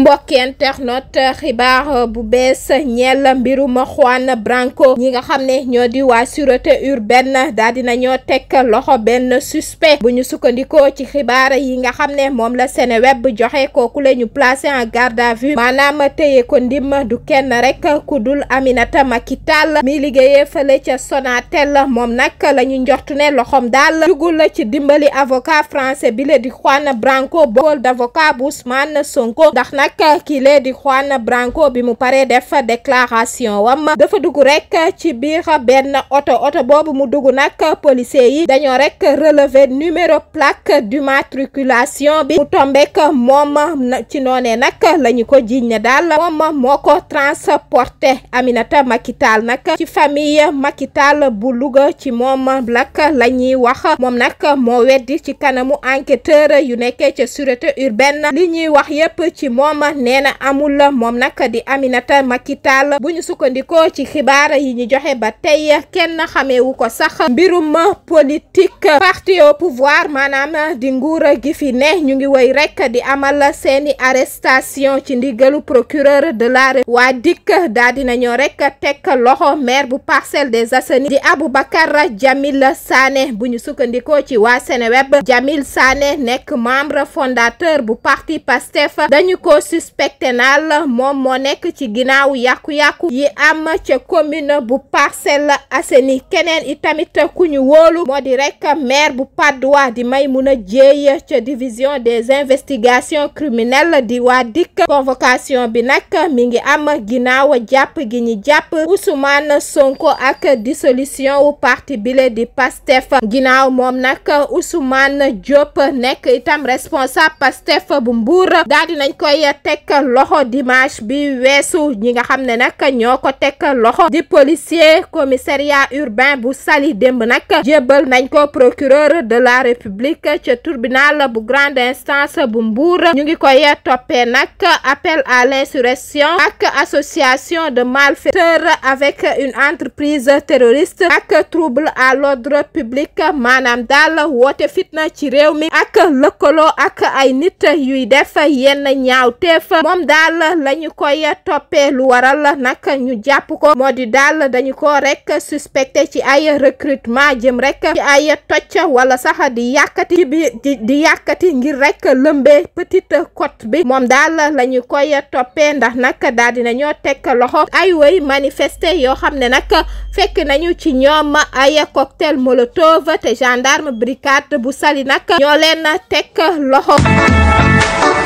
mbokki internet xibaar bu bees ñeel mbirum Juan Branco ñi nga xam ne ñoo di waa sûreté urbaine daal di nañoo teg loxo benn suspect bu ñu sukkandikoo ci xibaar yi nga xam ne moom la seen Seneweb joxe kooku la ñu placé en garde à vue maanaam téye ko ndim du kenn rek ku dul Aminata Makital mi liggéeyee fële ca Sonatel moom nag la ñu njort ne loxoom daal jugul ci dimbali avocat français bi la di Juan Branco bool d'avocat bu Ousmane Sonko ndax nag. nag ki lee di Juan Branco bi mu paree def déclaration wam dafa dugg rek ci biir benn oto oto boobu mu dugg nag policier yi dañoo rek relever numéro plaque d'immatriculation bi mu tombek moom ci noonee nag la ñu ko jiiñ ne daal moom moo ko transporté Aminata Makital nag ci famille Makital bu Louga ci moom lak la ñuy wax moom nag moo weddi ci kanamu enquêteur yu nekkee ca sûreté urbaine li ñuy wax yépp ci moom moom nee na moom nag di Aminata Macky Sall bu ñu sukkandikoo ci xibaar yi ñu joxe ba tey kenn xameewu ko sax mbirum politique parti au pouvoir maanaam di nguura gi fi ne ñu ngi woy rekk di amal seeni arrestation ci ndigalu procureur de la waa dikk daa dina ñoo rek teg loxo maire bu Parcelles des Assainies di Aboubacar Jamil Sané bu ñu sukkandikoo ci waa Seneweb Jamil Sané nekk membre fondateur bu parti Pastef dañu ko suspecté naa la moom moo nekk ci ginnaawu yàqu-yàqu yi am ca commune bu Parcelles Assainies keneen itamit ku ñu woolu moo di rek maire bu Patte d'Oie di Maïmouna Dièye ca division des investigations criminelles di waa dikk convocation bi nag mi ngi am ginnaaw a jàpp gi ñu jàpp Ousmane Sonko ak dissolution wu parti bile di PASTEF ginnaaw moom nag Ousmane Diop nekk itam responsable PASTEF bu Mbour daal di nañ koy teg loxo dimanche bi weesu ñi nga xam ne nag ñoo ko teg loxo di policier commissariat urbain bu Saly démb nag jébbal nañ ko procureur de la république ca tribunal bu grande instance bu Mbour ñu ngi koy toppee nag appel à l'insurrection ak association de malfaiteurs avec une entreprise terroriste ak trouble à l'ordre public maanaam daal woote fitna ci réew mi ak lëkkaloo ak ay nit yuy def yenn ñaawte ñaawteef moom daal la ñu koy toppee lu waral nag ñu jàpp ko moo di dal dañu ko rekk suspecté ci ay recrutement jëm rekk ci ay tocc wala sax di yàkkati bi di yàkkati ngir rekk lëmbee Petite Côte bi moom daal la ñu koy toppee ndax nag daal dina ñoo teg loxo ay woy manifester yoo xam ne nag fekk nañu ci ñoom ay cocktail molotov te gendarme brigade bu Saly nag ñoo leen teg loxo